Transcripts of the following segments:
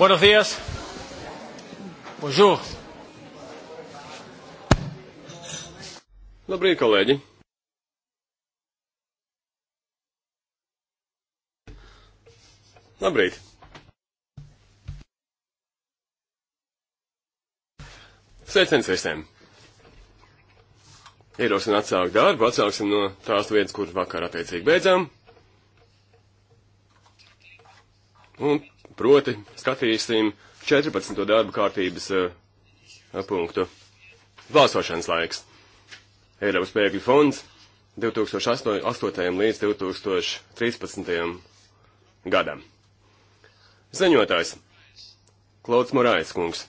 Buenos días. Bonjour. Labrīt, kolēģi. Labrīt. Sveiciens visiem. Ierosim atsākt darbu, atsāksim no tās vietas, kur vakar attiecīgi beidzām. Un Proti, skatīsim 14. darba kārtības uh, punktu. Balsošanas laiks. Eiropas bēgļu fonds 2008. līdz 2013. gadam. Ziņotājs Klauds Morais kungs.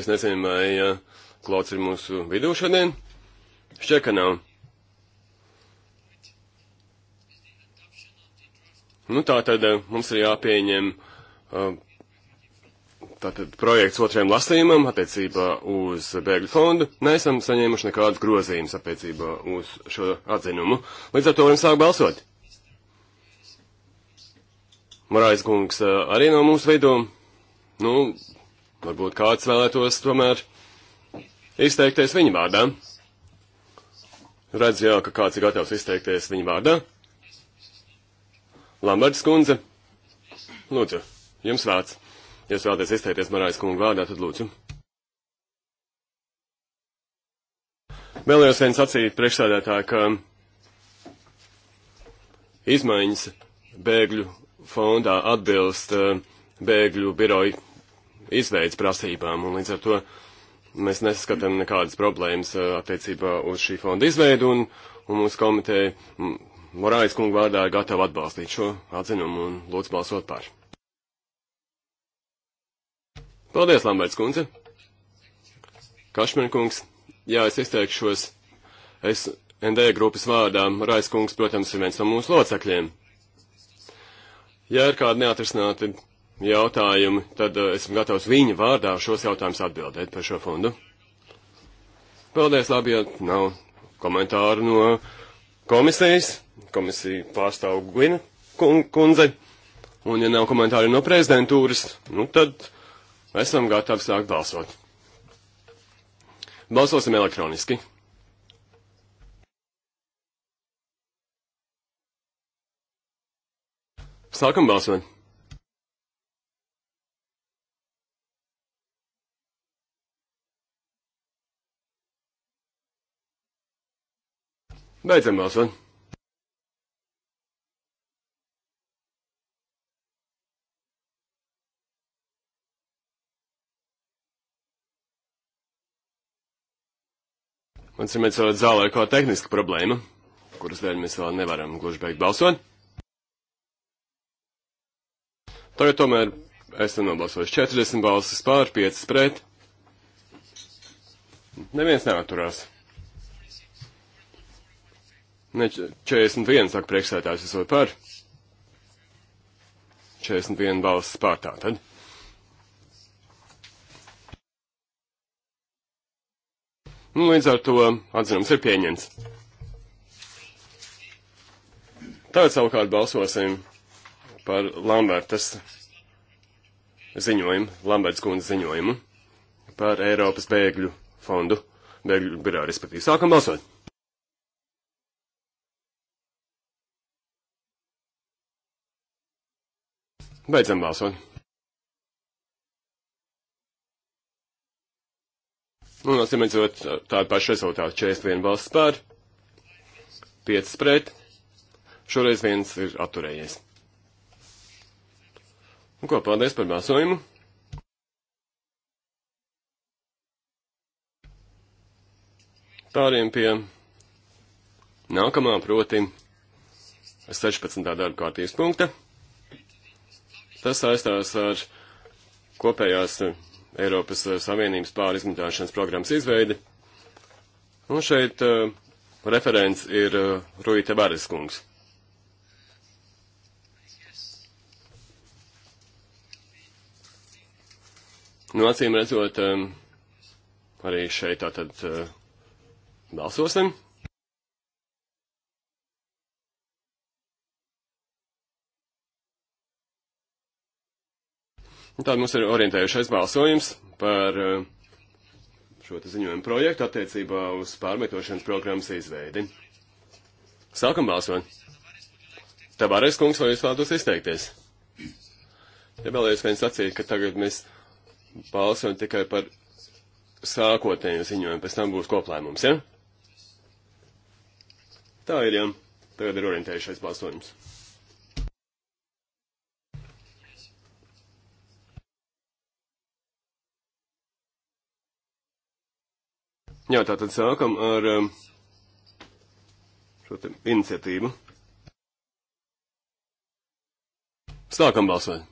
Es nezinu, vai uh, Klauds ir mūsu vidū šodien. Šķiet, ka nav. Nu, tā tad uh, mums ir jāpieņem uh, Um, tātad projekts otrajam lasījumam attiecībā uz bēgļu fondu neesam saņēmuši nekādus grozījumus attiecībā uz šo atzinumu. Līdz ar to varam sākt balsot. Marais kungs uh, arī no mums veido. Nu, varbūt kāds vēlētos tomēr izteikties viņa vārdā. Redz jā, ka kāds ir gatavs izteikties viņa vārdā. Lamberts kundze, lūdzu. Jums vārds. Ja jūs vēlaties izteikties Marājas kungu vārdā, tad lūdzu. Vēlējos vien sacīt priekšsādētāju, ka izmaiņas bēgļu fondā atbilst eh, bēgļu biroju izveids prasībām, un līdz ar to mēs neskatām nekādas problēmas eh, attiecībā uz šī fonda izveidu, un, un mūsu komiteja Morājas kungu vārdā ir gatava atbalstīt šo atzinumu un lūdzu balsot par. Paldies, Lamberts kundze. Kašmēr kungs, jā, es izteikšos. Es ND grupas vārdā, Rais kungs, protams, ir viens no mūsu locekļiem. Ja ir kādi neatrisināti jautājumi, tad eh, esmu gatavs viņa vārdā šos jautājumus atbildēt par šo fondu. Paldies, labi, ja nav komentāru no komisijas. Komisija pārstāv Glina kundze. Un ja nav komentāru no prezidentūras, nu tad Esam gatavi sākt balsot. Balsosim elektroniski. Sākam balsot. Beidzam balsot. Un cim mēs varat zālē kā tehniska problēma, kuras dēļ mēs vēl nevaram gluži beigt balsot. Tagad tomēr esam nobalsojuši 40 balsis pār, 5 pret. Neviens neaturās. Ne 41, saka priekšsētājs, esot par. 41 balsis pār tā tad. Nu, līdz ar to atzinums ir pieņemts. Tagad savukārt balsosim par Lambertas ziņojumu, Lambertas kundzes ziņojumu par Eiropas bēgļu fondu, bēgļu birā, respektīvi. Sākam balsot! Beidzam balsot! Nu, un, atsimedzot, tādu pašu rezultātu 41 valsts pār, 5 pret, šoreiz viens ir atturējies. Un ko, paldies par balsojumu. Pāriem pie nākamā, proti 16. darba kārtības punkta. Tas saistās ar kopējās Eiropas eh, Savienības pārizmantošanas programmas izveidi. Un šeit uh, referents ir uh, Rui Tavares kungs. Nu, acīm redzot, um, arī šeit tātad uh, balsosim. Uh, Un tāda mums ir orientējušais balsojums par eh, šo ziņojumu projektu attiecībā uz pārvietošanas programmas izveidi. Sākam balsot. Tavārēs kungs, vai jūs vēlatos izteikties? Ja vēlējos viens sacīt, ka tagad mēs balsojam tikai par sākotnējo ziņojumu, pēc tam būs koplēmums, ja? Tā ir, jā. Ja. Tagad ir orientējušais balsojums. Jā, tātad sākam ar um, šo te iniciatīvu. Sākam balsot.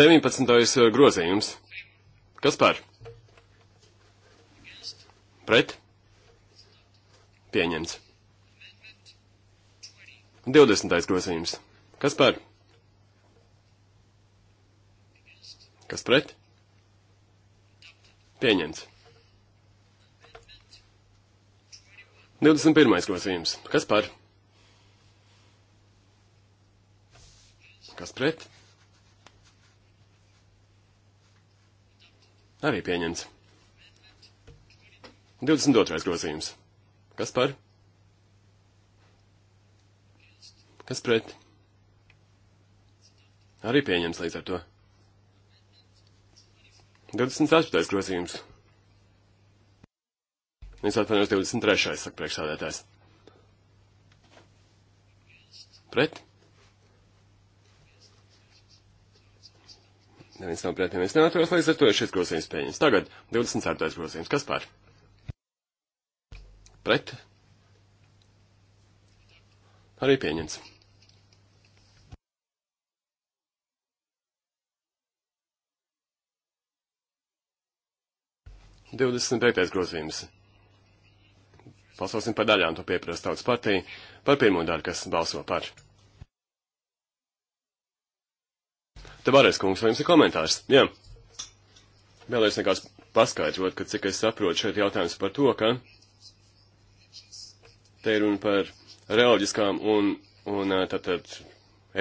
Deviņpadsmitais uh, grozījums. Kas par? Pret? Pieņemts. Divdesmitais grozījums. Kas par? Kas pret? Pieņemts. 21. grozījums. Kas par? Kas pret? Arī pieņemts. 22. grozījums. Kas par? Kas pret? Arī pieņems līdz ar to. 24. grozījums. Es atvainojos 23. saka priekšsādētājs. Pret? Neviens nav pret, neviens neaturos, līdz ar to ir šis grozījums pieņems. Tagad 24. grozījums. Kas pār? Pret? Arī pieņems. 25. grozījums. Balsosim par daļām, to pieprasa tautas partija, par pirmo daļu, kas balso par. Te varēs, kungs, vai jums ir komentārs? Jā. Vēlreiz nekās paskaidrot, ka cik es saprotu šeit jautājums par to, ka te ir runa par reliģiskām un, un tātad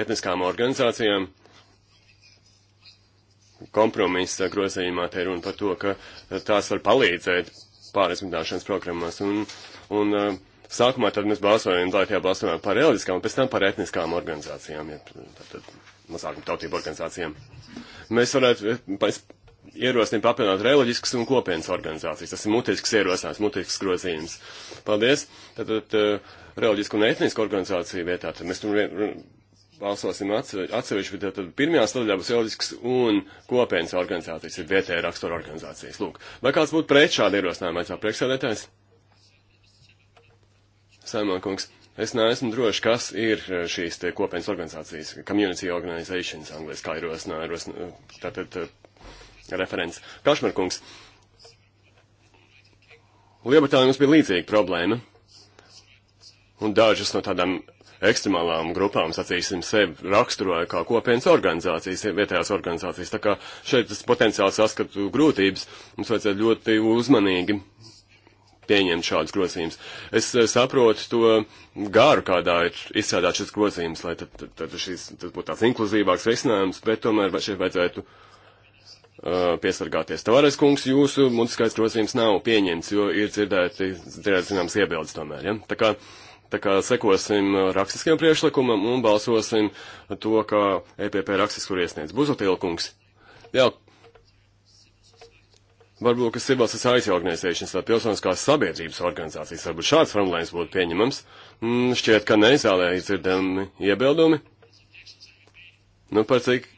etniskām organizācijām, uh, kompromisa grozījumā te runa par to, ka e, tās var palīdzēt pārizmitināšanas programmās. Un, un uh, sākumā tad mēs balsojam, lai tajā balsojam par reliģiskām, un pēc tam par etniskām organizācijām, ja, tātad mazākuma tautību organizācijām. Mēs varētu e, ierosināt papildināt reliģiskas un kopienas organizācijas. Tas ir mutisks ierosinājums, mutisks grozījums. Paldies. Tātad uh, reliģisku un etnisku organizāciju vietā. Tad mēs tur balsosim atsevišķi, bet tad pirmajā sadaļā būs jautisks un kopienas organizācijas, ir vietēja rakstura organizācijas. Lūk, vai kāds būtu pret šādu ierosinājumu, vai priekšsēdētājs? Saimākungs, es neesmu droši, kas ir šīs te kopienas organizācijas, community organizations, angliski kā ierosināja, tātad eh, referents. Kašmarkungs, Lielbritānijā mums bija līdzīga problēma, un dažas no tādām ekstremālām grupām, sacīsim, sevi raksturoja kā kopienas organizācijas, vietējās organizācijas. Tā kā šeit es potenciāli saskatu grūtības, mums vajadzētu ļoti uzmanīgi pieņemt šādus grozījumus. Es eh, saprotu to garu, kādā ir izstrādāt šis grozījums, lai tad, tad, tad šis tad būtu tāds inkluzīvāks risinājums, bet tomēr šeit vajadzētu eh, piesargāties. Tavares kungs, jūsu mutiskais grozījums nav pieņemts, jo ir dzirdēti, dzirdēt zināms iebildes tomēr. Ja? Tā kā Tā kā sekosim uh, rakstiskiem priekšlikumam un balsosim to, kā EPP rakstiski ir iesniedz. Buzotilkungs. Jā. Varbūt, ka Sibalsas IT organizēšanas vai pilsoniskās sabiedrības organizācijas, varbūt šāds formulējums būtu pieņemams. Mm, šķiet, ka neizālē izdzirdami iebildumi. Nu, par cik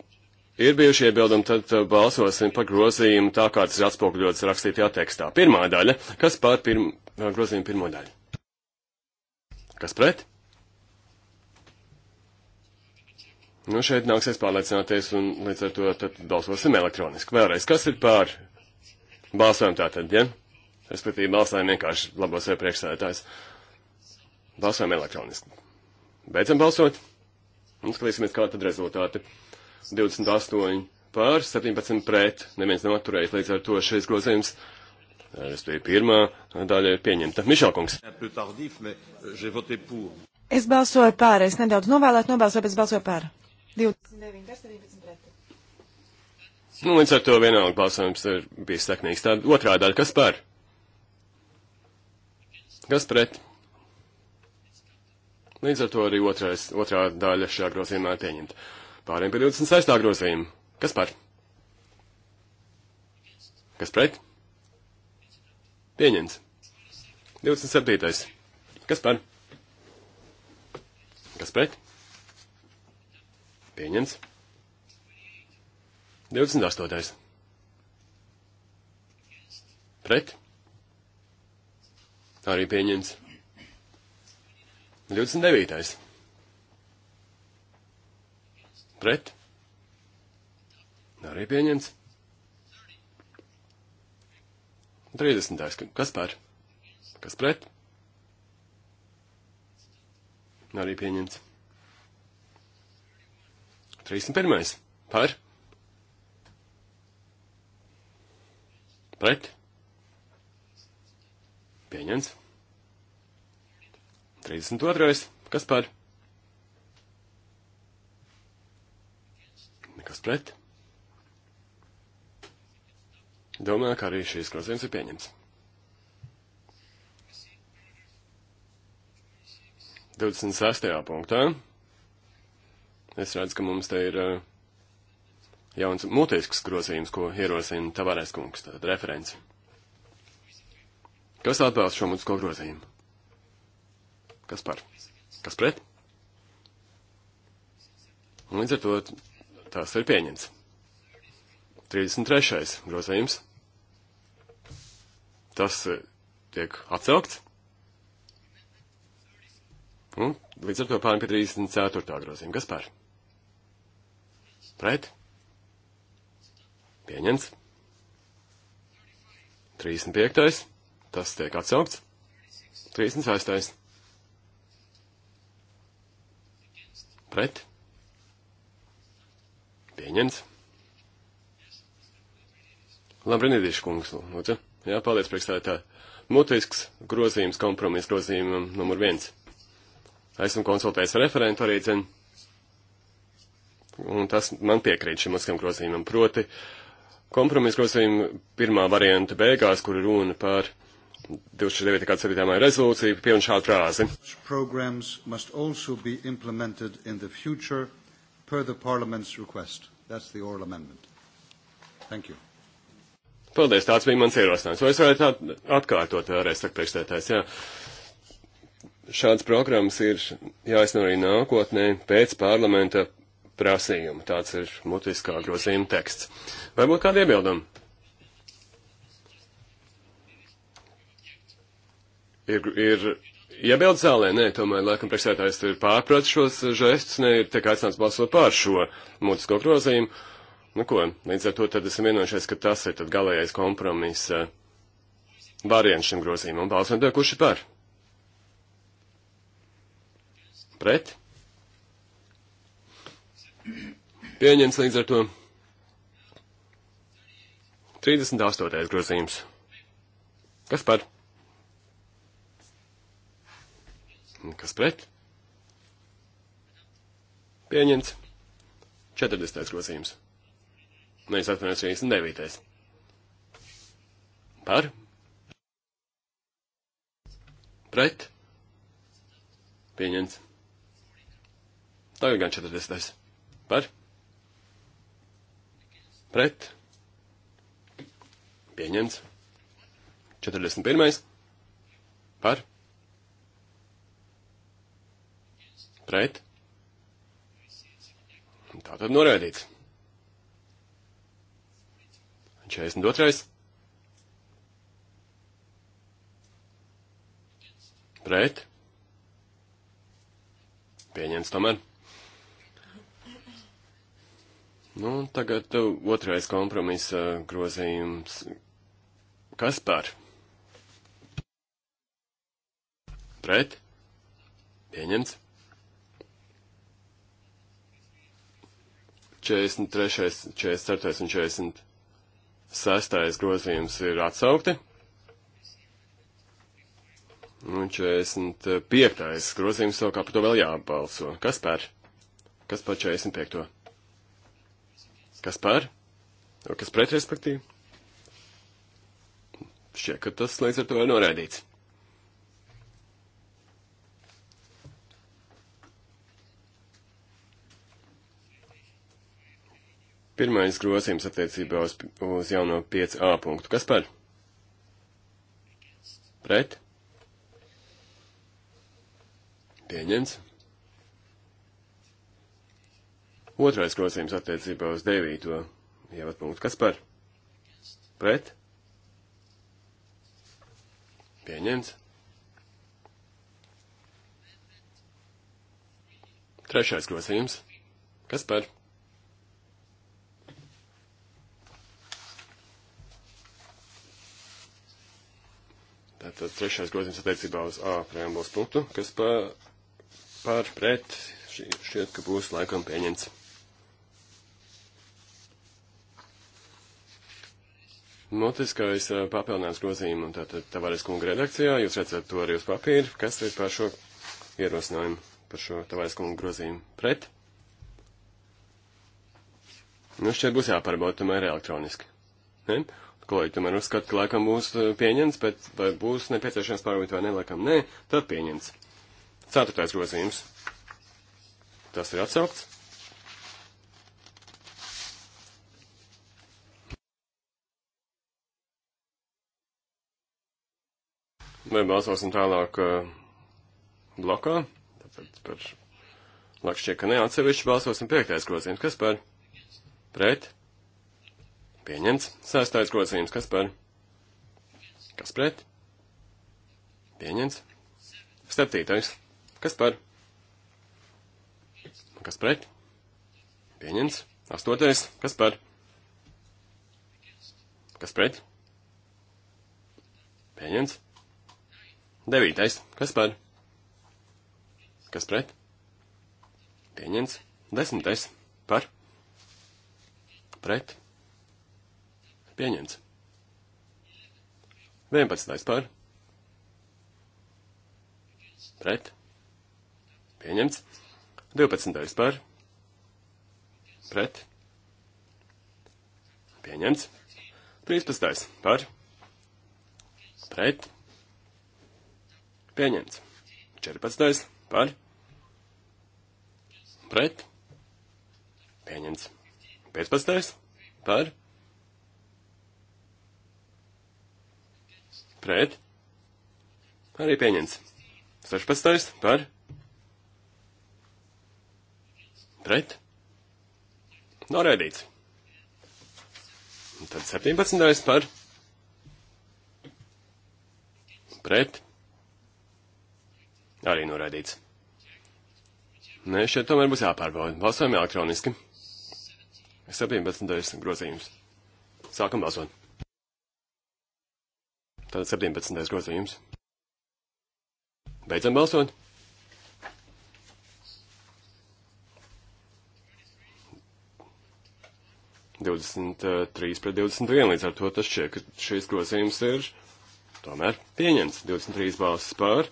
ir bijuši iebildumi, tad uh, balsosim par grozījumu tā, kā tas ir atspoguļots rakstītajā tekstā. Pirmā daļa, kas pār pirm, uh, grozījumu pirmo daļu? Kas pret? Nu, šeit nāksies pārliecināties un līdz ar to tad balsosim elektroniski. Vēlreiz, kas ir pār balsojumu tātad, ja? Respektīvi, balsojumu vienkārši labos vai priekšsēdētājs. Balsojam elektroniski. Beidzam balsot. Un skatīsimies, kā tad rezultāti. 28 pār, 17 pret, neviens nav atturējis, līdz ar to šis grozījums Respektīvi, pirmā daļa ir pieņemta. Mišelkungs. Euh, es balsoju pār, es nedaudz novēlētu, nobalsoju, bet es balsoju pār. 29, 19 pret. Nu, līdz ar to vienalga balsojums ir bijis sekmīgs. Tā otrā daļa, kas par? Kas pret? Līdz ar to arī otrais, otrā daļa šajā grozījumā ir pieņemta. Pārējiem pie 26. grozījuma. Kas par? Kas pret? Pieņemts. 27. Kas par? Kas pret? Pieņemts. 28. Pret? Arī pieņemts. 29. Pret? Arī pieņemts. 30. Kas par? Kas pret? Arī pieņemts. 31. Par? Pret? Pieņemts. 32. Kas par? Nekas pret? Domāju, ka arī šīs grozījums ir pieņemts. 26. punktā. Es redzu, ka mums te ir eh, jauns mutisks grozījums, ko ierosina Tavarēs kungs, tātad referenci. Kas atbalsta šo mutisko grozījumu? Kas par? Kas pret? Un līdz ar to tās ir pieņemts. 33. grozījums tas eh, tiek atsaukts. Un līdz ar to pārim pie 34. grozījuma. Kas pār? Pret? Pieņemts. 35. Tas tiek atsaukts. 36. Pret? Pieņemts. Labrinīdīšu kungs, lūdzu. Nu, Jā, paldies, priekšstādātāji. Mutisks grozījums, kompromiss grozījumam numur viens. Esmu konsultējis referentu arī, zin, un tas man piekrīt šim mutiskam grozījumam. Proti, kompromiss grozījuma pirmā varianta beigās, kur runa par 29.7. maija rezolūciju, pieņem šādu frāzi. Programs must also be implemented in the future per the Parliament's request. That's the oral amendment. Thank you. Paldies, tāds bija mans ierosinājums. Vai es varētu atkārtot vēlreiz, saka priekšstētājs, jā. Šāds programmas ir jāizsver arī nākotnē pēc parlamenta prasījuma. Tāds ir mutiskā grozījuma teksts. Vai būtu kādi iebildumi? Ir, ir iebildu zālē, nē, tomēr, laikam, priekšsētājs ir pārpratis šos žestus, ne ir tiek aicināts balsot pār šo mutisko grozījumu. Nu ko, līdz ar to tad esam vienojušies, ka tas ir tad galējais kompromiss eh, variants šim grozījumam. Balsam, tad kurš ir par? Pret? Pieņems līdz ar to 38. grozījums. Kas par? Kas pret? Pieņemts. 40. grozījums. Nē, es atvainojos 39. Par? Pret? Pieņemts. Tagad gan 40. Par? Pret? Pieņemts. 41. Par? Pret? Tātad norādīts. 42. Pret. Pieņemts tomēr. Nu, tagad uh, otrais kompromisa grozījums. Kas par? Pret? Pieņemts. 43, 44 un 40. Sestais grozījums ir atsaukti. Un 45. grozījums savukārt par to vēl jābalso. Kas par? Kas par 45. Kas par? Kas pret, respektīvi? Šķiet, ka tas līdz ar to ir norēdīts. Pirmais grozījums attiecībā uz, uz jauno 5a punktu. Kas par? Pret? Pieņemts. Otrais grozījums attiecībā uz 9. ievad punktu. Kas par? Pret? Pieņemts. Trešais grozījums. Kas par? Tātad trešais grozījums attiecībā uz A preambulas punktu, kas pa, pār pret šķiet, ka būs laikam pieņemts. Notiskais papildinājums grozījumu, tātad Tavares kunga redakcijā, jūs redzat to arī uz papīra, kas ir par šo ierosinājumu, par šo Tavares kunga grozījumu pret. Nu, šķiet būs jāpārbauda tomēr elektroniski. Ne? kolēģi tomēr uzskata, ka laikam būs eh, pieņemts, bet vai būs nepieciešams pārvīt vai ne, laikam nē, tad pieņemts. Ceturtais grozījums. Tas ir atsaukts. Vai balsosim tālāk eh, blokā? Tātad par Lakšķieka neatsevišķi balsosim piektais grozījums. Kas par? Pret? Pieņemts. Sēstais grozījums. Kas par? Kas pret? Pieņemts. Septītais. Kas par? Kas pret? Pieņemts. Astotais. Kas par? Kas pret? Pieņemts. Devītais. Kas par? Kas pret? Pieņemts. Desmitais. Par? Pret? Pieņemts. 11. par. Pret. Pieņemts. 12. par. Pret. Pieņemts. 13. par. Pret. Pieņemts. 14. par. Pret. Pieņemts. 15. par. pret, arī pieņemts. 16. par, pret, noraidīts. Un tad 17. par, pret, arī noraidīts. Nē, šeit tomēr būs jāpārbauda. Balsojam elektroniski. 17. grozījums. Sākam balsot. Tātad 17. grozījums. Beidzam balsot. 23 pret 21, līdz ar to tas šķiet, ka šīs grozījums ir tomēr pieņemts. 23 balsis pār,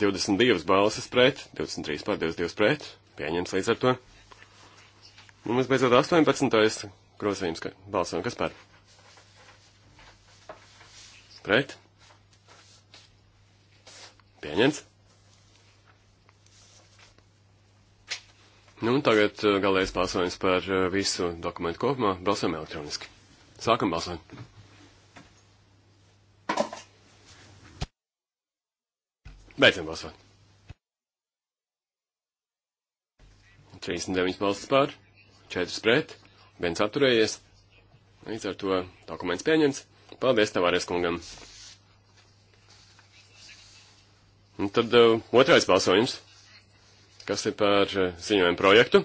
22 balsis pret, 23 pār, 22 pret, pieņemts līdz ar to. Nu, un mēs beidzot 18. grozījums, ka balsojam, kas pār. Pret. Pieņemts. Nu, un tagad uh, galējais balsojums par uh, visu dokumentu kopumā. Balsojam elektroniski. Sākam balsot. Beidzam balsot. 39 balsts pār, 4 pret, 1 atturējies. Līdz ar to dokuments pieņemts. Paldies, Tavāres kungam. Un tad uh, otrais balsojums, kas ir par uh, ziņojumu projektu.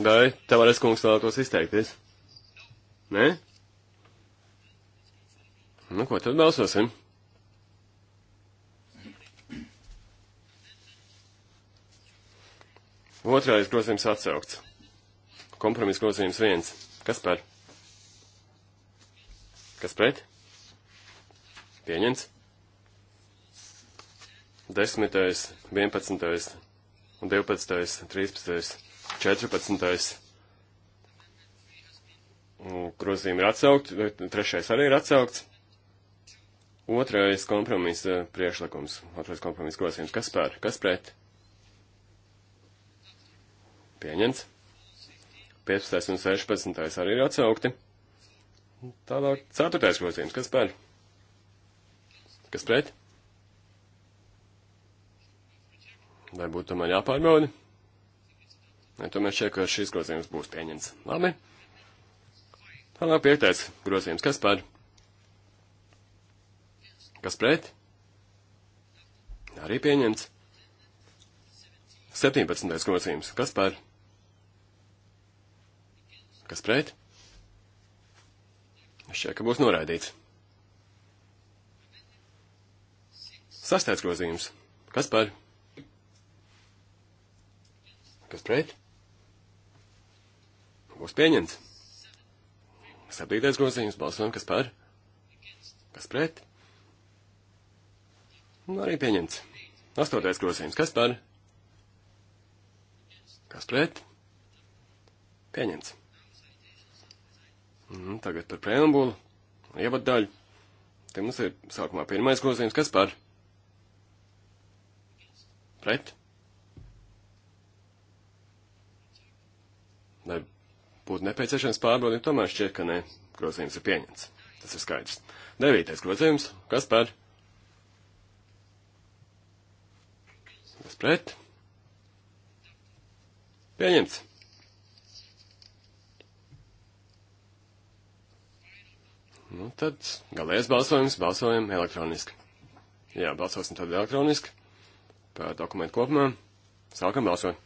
Vai Tavāres kungs vēlētos izteikties? Nē? Nu, ko tad balsosim? Otrais grozījums atsaukts. Kompromiss grozījums viens. Kas par? Kas pret? Pieņemts. 10., 11., 12., 13., 14. Grozījumi ir atsaukti, trešais arī ir atsaukts. Otrais kompromisa priešlikums, otrais kompromisa grozījums. Kas par? Kas pret? Pieņemts. 15. un 16. arī ir atsaukti. Tālāk, ceturtais grozījums, kas pēļ? Kas pret? Vai būtu tomēr jāpārbauda? Nē, tomēr šķiet, ka šis grozījums būs pieņemts. Labi. Tālāk piektais grozījums, kas pēļ? Kas pret? Arī pieņemts. 17. grozījums, kas pēļ? Kas pret? Šķiet, ka būs noraidīts. Sastais grozījums. Kas par? Kas pret? Būs pieņemts. Septītais grozījums. Balsojam, kas par? Kas pret? Nu, arī pieņemts. Astotais grozījums. Kas par? Kas pret? Pieņemts. Un mhm, tagad par preambulu, ievaddaļu. Te mums ir sākumā pirmais grozījums, kas par? Pret? Lai būtu nepieciešams pārbaudīt, tomēr šķiet, ka nē, grozījums ir pieņemts. Tas ir skaidrs. Devītais grozījums, kas par? Kas pret? Pieņemts. Nu, tad galējais balsojums balsojam elektroniski. Jā, balsosim tad elektroniski par dokumentu kopumā. Sākam balsot.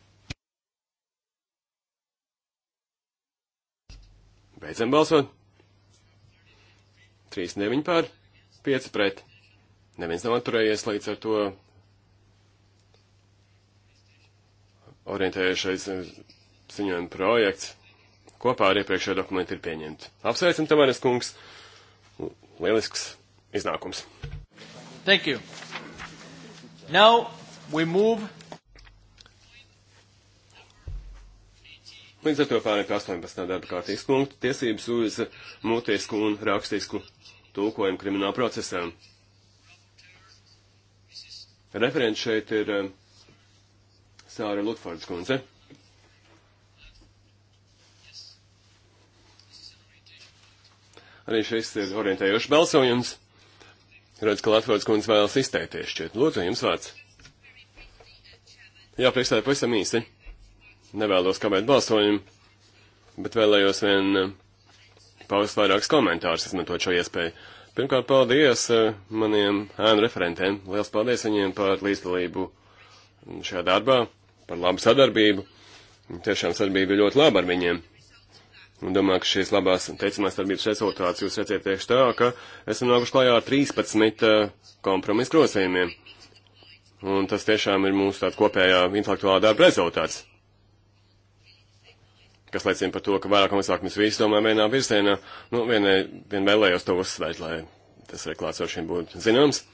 Beidzam balsot. 3, 9 pār, 5 pret. Neviens nav atturējies līdz ar to orientējušais eh, ziņojuma projekts kopā ar iepriekšējo dokumentu ir pieņemts. Apsveicam, Tamares kungs! lielisks iznākums. Thank you. Now we move. Līdz ar to pārējām pie 18. darba kārtības punktu tiesības uz mutisku un rakstisku tulkojumu krimināla procesā. Referents šeit ir eh, Sāra Lutfords kundze. Arī šis ir orientējošs balsojums. Redz, ka Latvijas kundze vēlas izteikties šķiet. Lūdzu, jums vārds. Jā, priekšstādā pavisam īsi. Nevēlos kavēt balsojumu, bet vēlējos vien eh, paust vairākus komentārus, izmantot šo iespēju. Pirmkārt, paldies eh, maniem ēnu referentiem. Liels paldies viņiem par līdzdalību šajā darbā, par labu sadarbību. Tiešām sadarbība ļoti laba ar viņiem. Un domāju, ka šīs labās teicamās darbības rezultāts jūs redzēt tieši tā, ka esam nākuši klajā ar 13 eh, kompromisu grozījumiem. Un tas tiešām ir mūsu tāda kopējā intelektuālā darba rezultāts kas liecina par to, ka vairāk un mazāk mēs visi domājam vienā virzienā. Nu, vien, vien vēlējos to uzsvērt, lai tas arī klātsošiem būtu zināms.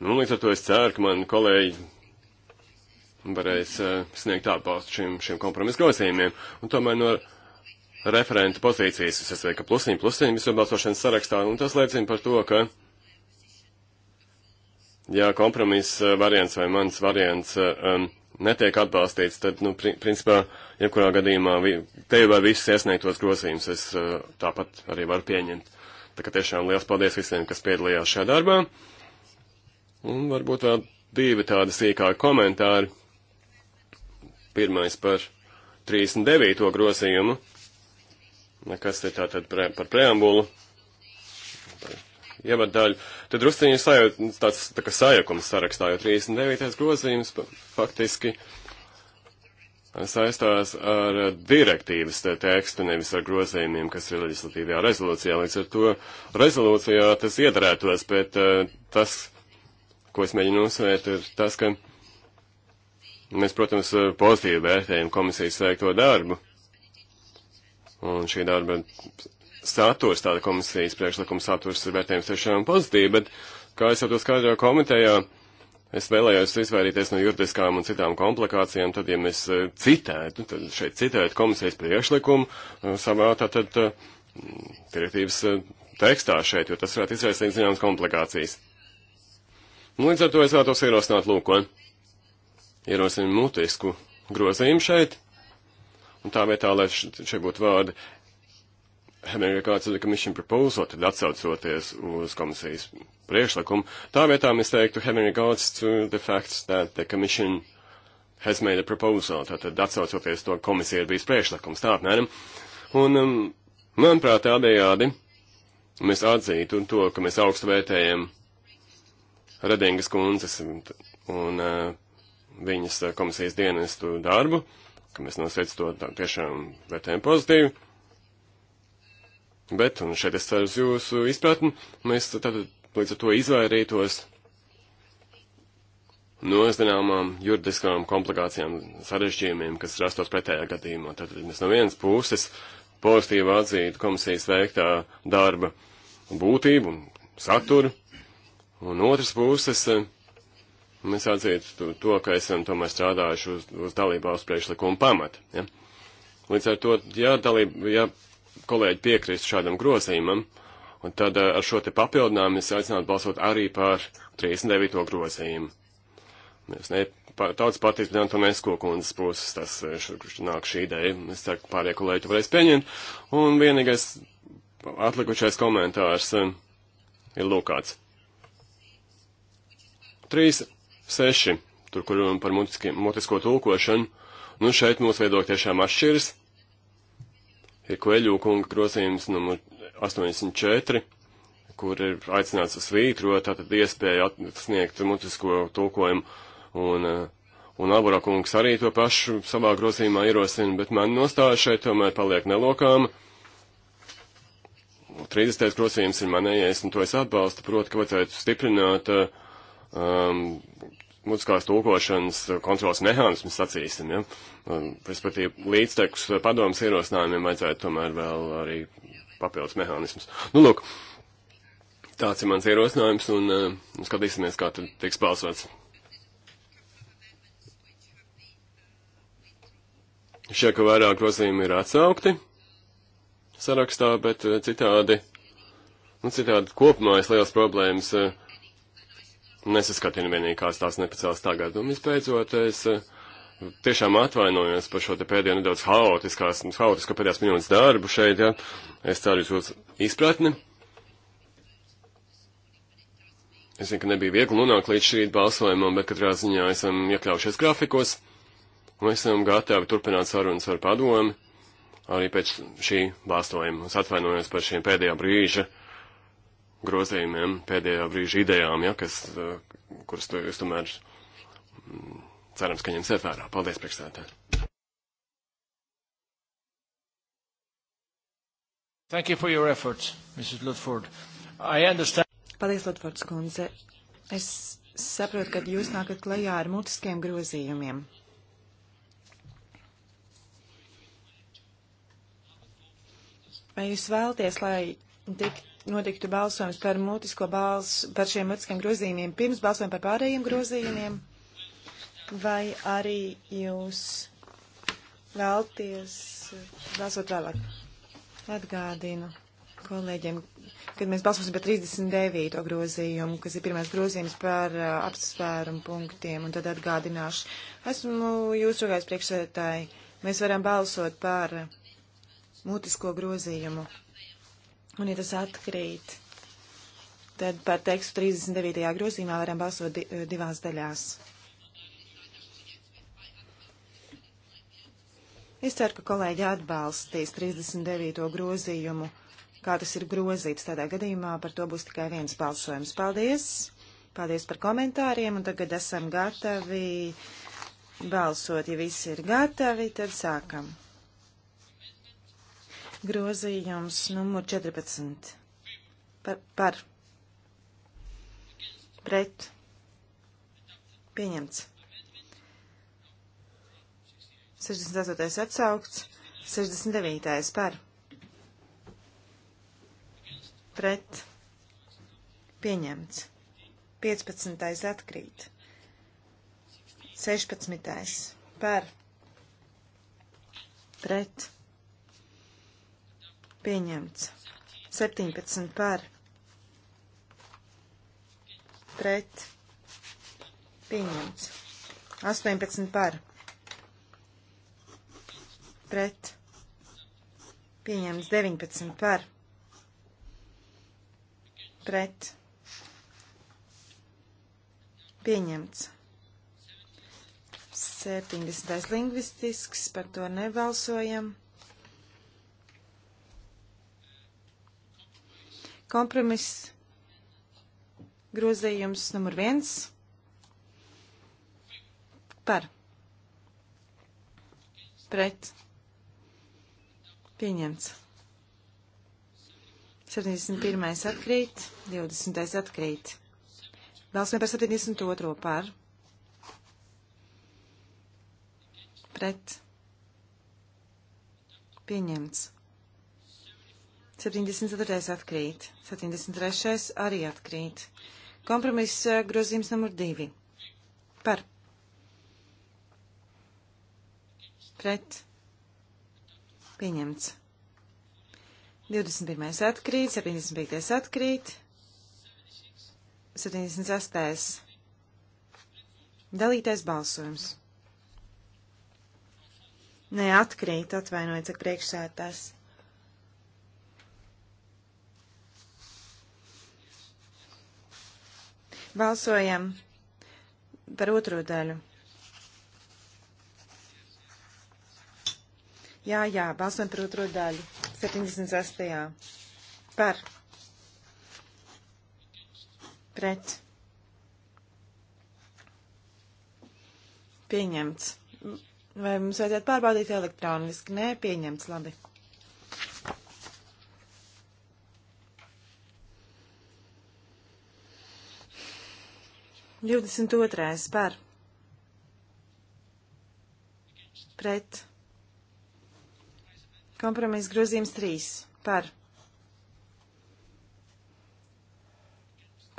Nu, līdz ar to es ceru, ka man kolēģi varēs eh, sniegt atbalstu šiem, šiem kompromisu grozījumiem. Un tomēr no referentu pozīcijas es esmu, ka plusiņi, plusiņi visur balsošanas sarakstā, un tas liecina par to, ka, ja kompromiss eh, variants vai mans variants eh, um, netiek atbalstīts, tad, nu, pri, principā, jebkurā gadījumā vi, tev vai visus iesniegtos grozījumus es uh, tāpat arī varu pieņemt. Tā kā tiešām liels paldies visiem, kas piedalījās šajā darbā. Un varbūt vēl divi tādi sīkāki komentāri. Pirmais par 39. grozījumu, kas ir tātad pre, par preambulu, par ievadaļu. Tad drusciņi ir sajūt, tāds tā kā sajukums sarakstā, jo 39. grozījums faktiski saistās ar direktīvas te tekstu, nevis ar grozījumiem, kas ir leģislatīvajā rezolūcijā. Līdz ar to rezolūcijā tas iedarētos, bet uh, tas, ko es mēģinu uzsvērt, ir tas, ka Mēs, protams, eh, pozitīvi vērtējam komisijas veikto darbu. Un šī darba saturs, tāda komisijas priekšlikuma saturs ir vērtējums tiešām pozitīvi, bet, kā es jau to skaidroju komitejā, es vēlējos izvairīties no juridiskām un citām komplikācijām, tad, ja mēs eh, citētu, tad šeit citētu komisijas priekšlikumu eh, savā tātad direktīvas tekstā šeit, jo tas varētu izraisīt zināmas komplikācijas. Nu, līdz ar to es vēlētos ierosināt lūko. Ne? ierosina mutisku grozījumu šeit, un tā vietā, lai šeit būtu vārdi Henrija Kārtas Commission Proposal, tad atsaucoties uz komisijas priekšlikumu, tā vietā mēs teiktu Henrija Kārtas to the facts that the Commission has made a proposal, tātad atsaucoties to komisija ir bijis priekšlikums, tā apmēram. Un, um, manuprāt, tādējādi mēs atzītu to, ka mēs augstu vērtējam Redingas kundzes un, un uh, viņas eh, komisijas dienestu darbu, ka mēs no sveicu to tā, tiešām vērtējam pozitīvi. Bet, un šeit es ceru uz jūsu izpratni, mēs tad līdz ar to izvairītos no zināmām juridiskām komplikācijām, sarežģījumiem, kas rastos pretējā gadījumā. Tad mēs no vienas puses pozitīvi atzītu komisijas veiktā darba būtību un saturu, un otras puses. Uh, Mēs atzītu to, ka esam tomēr strādājuši uz, uz dalībvalsts priekšlikumu pamata. Ja? Līdz ar to, ja, dalība, ja kolēģi piekrīst šādam grozījumam, un tad eh, ar šo te papildinājumu es aicinātu balsot arī par 39. grozījumu. Mēs ne, tautas partijas pēc Antonēsko kundzes puses, tas eh, š, nāk šī ideja, es ceru, ka pārējie kolēģi varēs pieņemt, un vienīgais atlikušais komentārs eh, ir lūkāts. Trīs 6, tur, kur runa par mutiski, mutisko tulkošanu, nu šeit mūsu viedokļi tiešām atšķiras. Ir Koeļu kunga grozījums numur 84, kur ir aicināts uz svītro, tātad iespēja sniegt mutisko tulkojumu, un, eh, un Albora kungs arī to pašu savā grozījumā ierosina, bet man nostāja šeit tomēr paliek nelokāma. 30. grozījums ir manējais, un to es atbalstu, proti, ka vajadzētu stiprināt uh, um, mutiskās tulkošanas kontrols mehānismus sacīsim, ja? Um, Respektīvi, līdztekus padomas ierosinājumiem vajadzētu tomēr vēl arī papildus mehānismus. Nu, lūk, tāds ir mans ierosinājums, un uh, skatīsimies, kā tad tiks balsots. Šie, ka vairāk grozījumi ir atsaukti sarakstā, bet uh, citādi, nu, citādi kopumā es liels problēmas uh, Nesaskatinu vienīgi, kāds tās nepacēlas tagad. Un visbeidzot, es eh, tiešām atvainojos par šo te pēdējo nedaudz haotiskās, haotisko pēdējās minūtes darbu šeit, ja. Es ceru jūs izpratni. Es zinu, ka nebija viegli nonākt līdz šī balsojumam, bet katrā ziņā esam iekļaujušies grafikos un esam gatavi turpināt sarunas ar padomu arī pēc šī balsojuma. Es atvainojos par šiem pēdējā brīža grozījumiem, pēdējā brīža idejām, ja, kas, eh, kuras tu, jūs tomēr mm, cerams, ka ņemsiet vērā. Paldies, priekšsēdētāji! Thank you for your efforts, Mrs. Ludford. I understand. Paldies, Ludfords kundze. Es saprotu, ka jūs nākat klajā ar mutiskiem grozījumiem. Vai jūs vēlties, lai tiktu notiktu balsojums par, bals, par šiem mutiskiem grozījumiem pirms balsojuma par pārējiem grozījumiem, vai arī jūs vēlties balsot vēlāk? Atgādinu kolēģiem, kad mēs balsosim par 39. grozījumu, kas ir pirmais grozījums par uh, apsvērumu punktiem, un tad atgādināšu. Esmu jūsu gājis priekšsētāji. Mēs varam balsot par mutisko grozījumu. Un, ja tas atkrīt, tad par tekstu 39. grozījumā varam balsot di eh, divās daļās. Es ceru, ka kolēģi atbalstīs 39. grozījumu, kā tas ir grozīts. Tādā gadījumā par to būs tikai viens balsojums. Paldies! Paldies par komentāriem, un tagad esam gatavi balsot. Ja visi ir gatavi, tad sākam. Grozījums numur 14. Par. par. Pret. Pieņemts. 68. atsaukts. 69. par. Pret. Pieņemts. 15. atkrīt. 16. par. Pret Pieņemts. 17 par. Pret. Pieņemts. 18 par. Pret. Pieņemts. 19 par. Pret. Pieņemts. 70. lingvistisks, par to nebalsojam. Kompromiss grozījums numur viens par pret pieņemts. 71. atkrīt, 20. atkrīt. Balsojam par 72. par pret pieņemts. 74. atkrīt, 73. arī atkrīt. Kompromiss eh, grozījums numur 2. Par. Pret. Pieņemts. 21. atkrīt, 75. atkrīt, 78. Dalītais balsojums. Nē, atkrīt, atvainojiet, cik priekšsētās. Balsojam par otro daļu. Jā, jā, balsojam par otro daļu. 78. Par. Pret. Pieņemts. Vai mums vajadzētu pārbaudīt elektroniski? Nē, pieņemts labi. 22. par pret kompromisa grozījums 3 par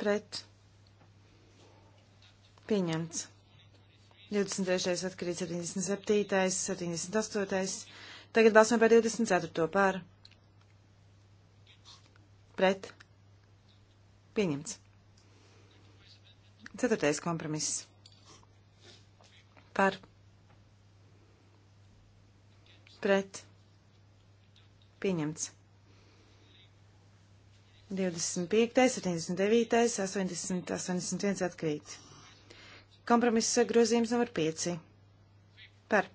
pret pieņemts. 23. atkarīts 77. 78. Tagad balsojam par 24. par pret pieņemts. Ceturtais kompromiss. Par. Pret. Pieņemts. 25, 79, 80, 81 atkrīt. Kompromisa grozījums numur 5. Par.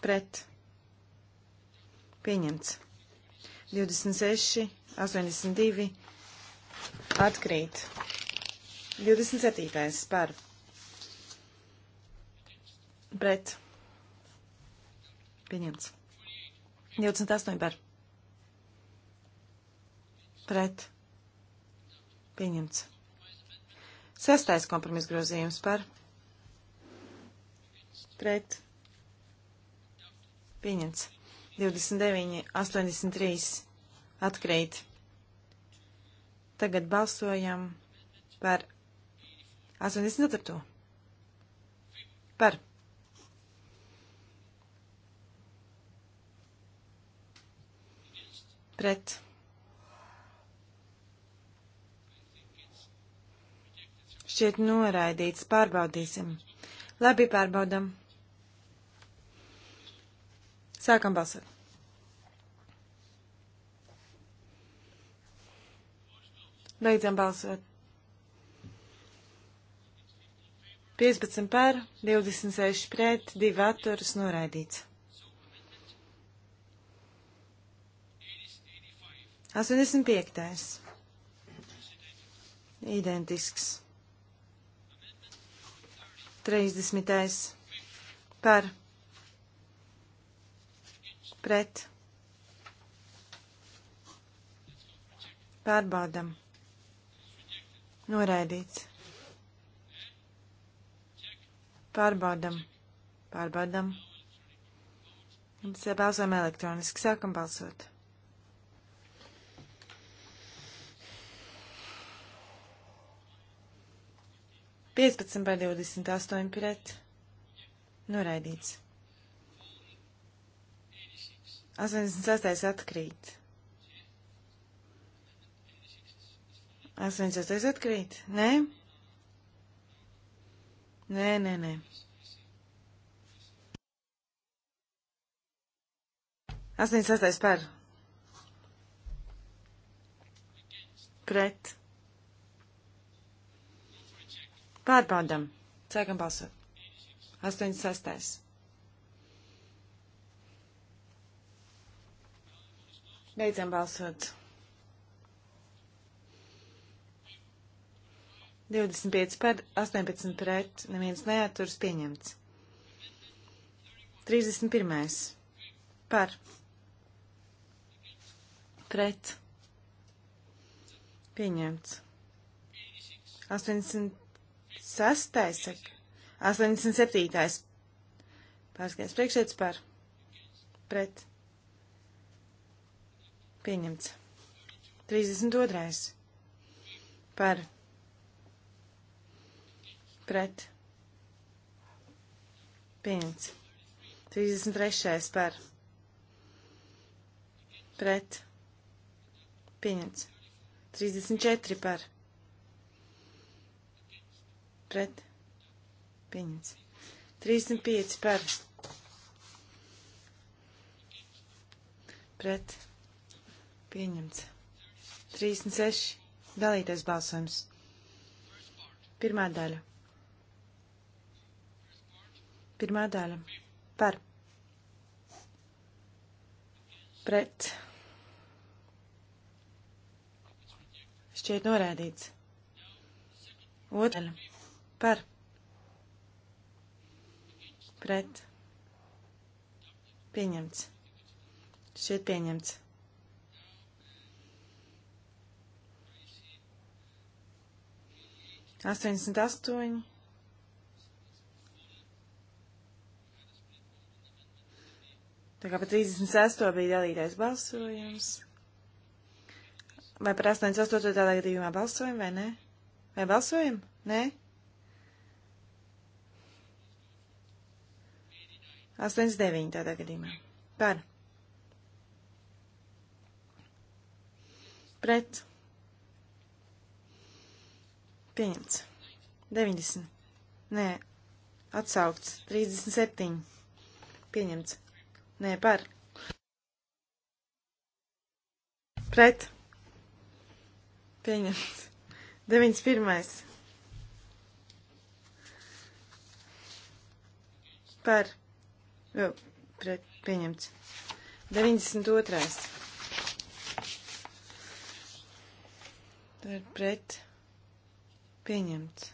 Pret. Pieņemts. 26, 82 atkrīt. 27. par pret pieņemts. 28 par pret pieņemts. Sestais kompromis grozījums par pret pieņemts. 29, 83 atkrīt. Tagad balsojam par 84. Par. Pret. Šķiet noraidīts. Pārbaudīsim. Labi, pārbaudam. Sākam balsot. Beidzam balsot. 15 par, 26 pret, 2 atturas noraidīts. 85. Identisks. 30. par, pret. Pārbaudam. Noraidīts. Pārbaudam. Pārbaudam. Mēs balsojam elektroniski. Sākam balsot. Piecpadsmit pār divdesmit astoņi pret. Noraidīts. Astoņdesmit sastais atkrīt. Astoņdesmit sastais atkrīt? Nē? Nē, nē, nē. Asins sastais par. Pret. Pārbaudam. Sākam balsot. 86. Beidzam balsot. 25 par, 18 pret, neviens neaturas pieņemts. 31. par, pret, pieņemts. 86. 87. pārskais priekšēts par, pret, pieņemts. 32. par, pret pret pieņemts. 33. par pret pieņemts. 34 par pret pieņemts. 35 par pret pieņemts. 36 dalīties balsojums. Pirmā daļa Pirmā daļa par pret šķiet norādīts. Otra daļa par pret pieņemts. Šķiet pieņemts. Astoņdesmit astoņi. Tā kā pa 36. bija dalītais balsojums. Vai par 88. tādā gadījumā balsojam vai nē? Vai balsojam? Nē? 89. tādā gadījumā. Par. Pret. Pieņemts. 90. Nē. Atsaukts. 37. Pieņemts. Nē, par. Pret. Pieņemts. 91. Par. Jo, pret. Pieņemts. 92. Tā ir pret. Pieņemts.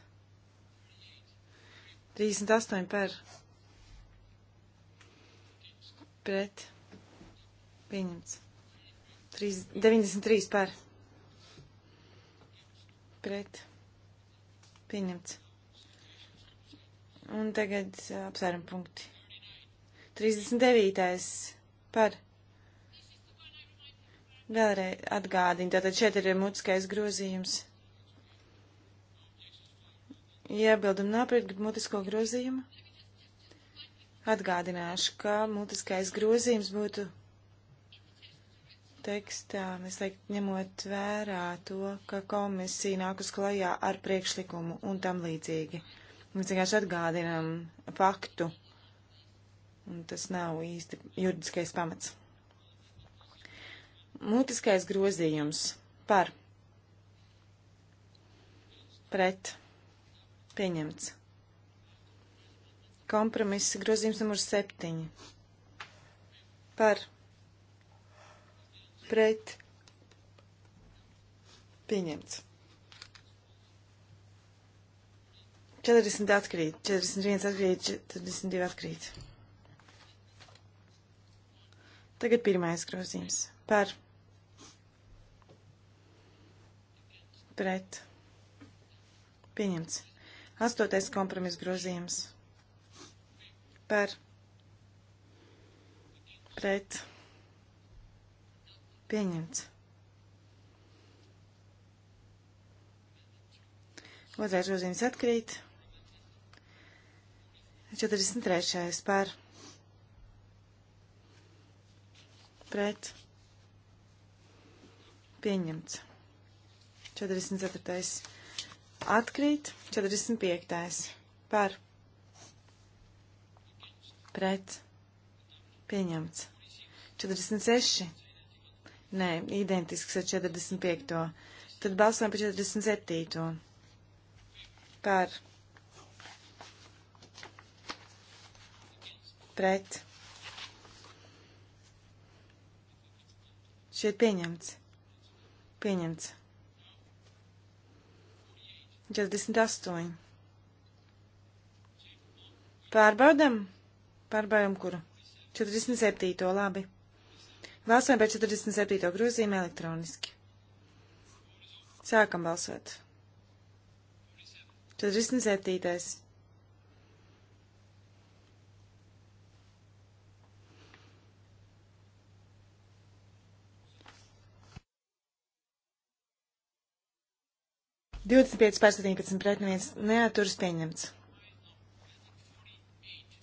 38 par pret pieņemts. 3, 93 par pret pieņemts. Un tagad apsvērum punkti. 39. par vēlreiz atgādinu. Tātad šeit ir mutiskais grozījums. Iebildumi nav pret mutisko grozījumu. Atgādināšu, ka mutiskais grozījums būtu tekstā, mēs teikt, ņemot vērā to, ka komisija nāk uz klajā ar priekšlikumu un tam līdzīgi. Mēs vienkārši atgādinām faktu, un tas nav īsti juridiskais pamats. Mutiskais grozījums par pret pieņemts. Kompromiss grozījums numur 7. Par. Pret. Pieņemts. 40 atkrīt, 41 atkrīt, 42 atkrīt. Tagad pirmais grozījums. Par. Pret. Pieņemts. Astotais kompromis grozījums par pret pieņemts. Otrais grozījums atkrīt. 43. par pret pieņemts. 44. atkrīt. 45. par pret pret pieņemts. 46. Nē, identisks ar 45. Tad balsojam par 47. Par pret. Šeit pieņemts. Pieņemts. 48. Pārbaudam. Pārbaudām, kuru? 47. labi. Balsojam par 47. grozījumu elektroniski. Sākam balsot. 47. Divdesmit pieci pār septiņpadsmit pret neviens neaturas pieņemts.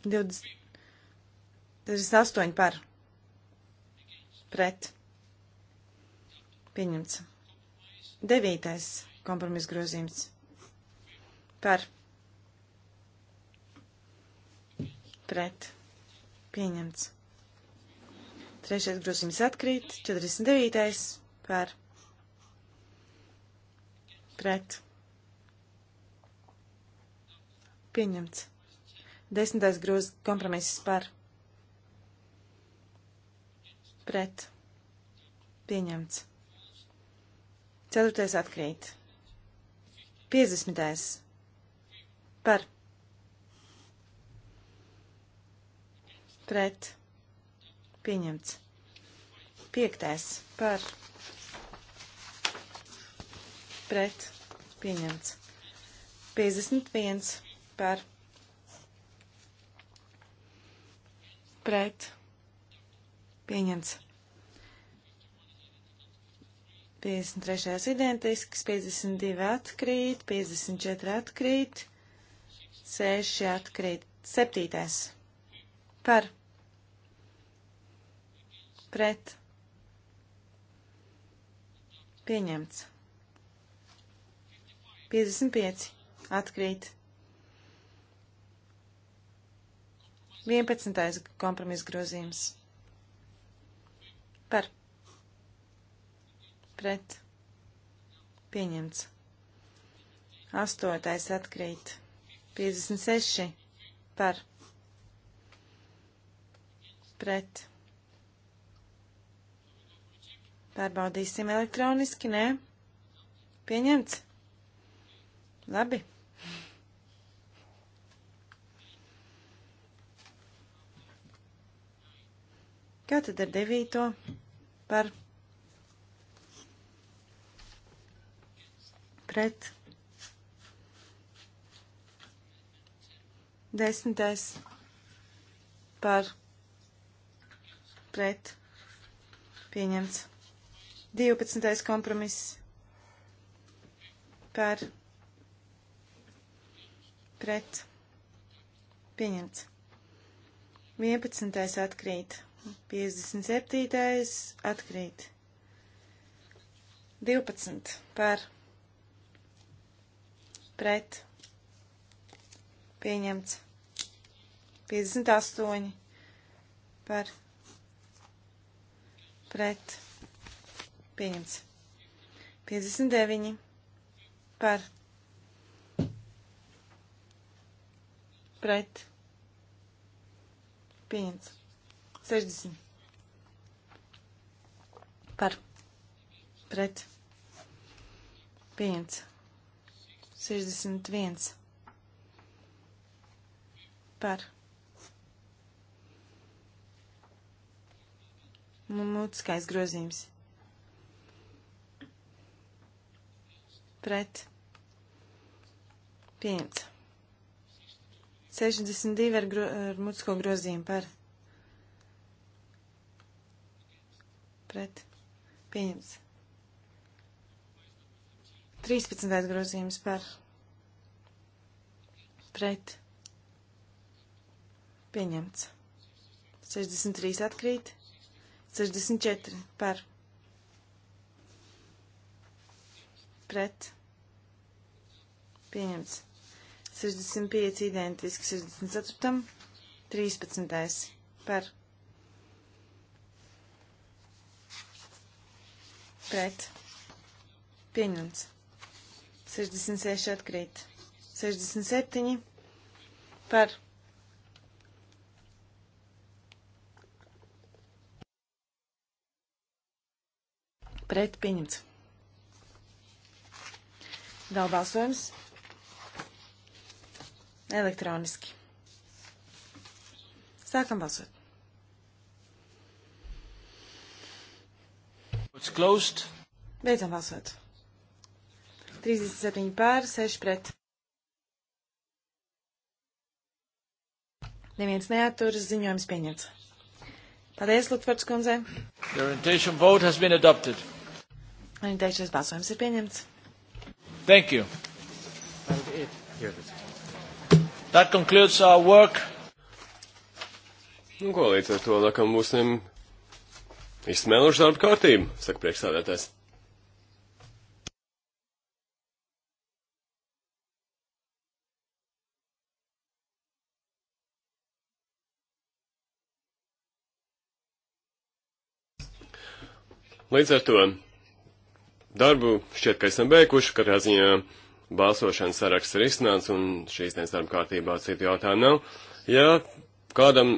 Divdesmit 68 par. Pret. Pieņemts. 9. kompromis grozījums. Par. Pret. Pieņemts. 3. grozījums atkrīt. 49. par. Pret. Pieņemts. Desmitais grozījums kompromiss par pret pieņemts. Ceturtais atkrīt. 50. par pret pieņemts. Piektais par pret pieņemts. 51 par pret pieņemts Pieņemts. 53. identisks, 52 atkrīt, 54 atkrīt, 6 atkrīt, 7. Par. Pret. Pieņemts. 55 atkrīt. 11. kompromis grozījums Par. Pret. Pieņemts. Astotais atkrīt. 56. Par. Pret. Pārbaudīsim elektroniski, nē? Pieņemts? Labi. Kā tad ar devīto par pret desmitais par pret pieņemts. 12. kompromiss par pret pieņemts. 11. atkrīt. 57. atkrīt. 12 par pret pieņemts. 58 par pret pieņemts. 59 par pret pieņemts. 60. Par. Pret. Pieņemts. 61. Par. Mūtiskais grozījums. Pret. Pieņemts. 62 ar, gro, ar mutisko grozījumu par pret pieņemts. 13. grozījums par pret pieņemts. 63 atkrīt, 64 par pret pieņemts. 65 identiski 64, 13 par pret pret pieņemts. 66 atkrīt. 67 par pret pieņemts. Vēl balsojums elektroniski. Sākam balsot. It's closed. Beidzam balsot. 37 pār, 6 pret. Neviens neaturas, ziņojums pieņemts. Paldies, Lutvards kundze. The orientation vote has been adopted. Orientēšanas balsojums ir pieņemts. Thank you. That concludes our work. Nu, ko līdz ar to, laikam, būsim Izsmēluši darba kārtību, saka priekšsādātājs. Līdz ar to darbu šķiet, ka esam beiguši, katrā ziņā balsošanas saraksts ir iznācis un šīs dienas darba kārtībā citu jautājumu nav. Ja kādam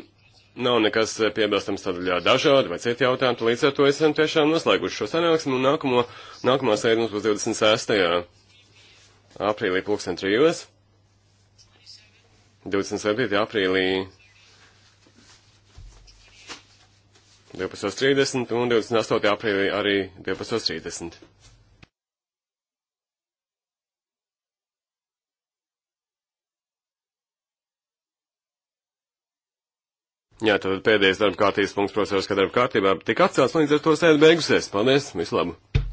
Nav nekas piebilstams tādēļ dažādi vai citi jautājumi, līdz ar to esam tiešām noslēguši šo sanāksmu un nākamo, nākamā sēde mums būs 26. aprīlī pulksten trijos, 27. aprīlī 12.30 un 28. aprīlī arī 12.30. Jā, tad pēdējais darba kārtības punkts, protams, ka darba kārtībā tika atcelts, un līdz ar to sēde beigusies. Paldies, vislabāk!